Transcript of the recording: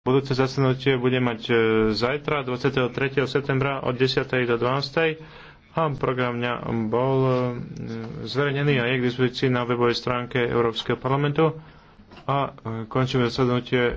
Budúce zasadnutie bude mať e, zajtra 23. septembra od 10. do 12. a program dňa bol e, zverejnený a je k dispozícii na webovej stránke Európskeho parlamentu a e, končíme zasadnutie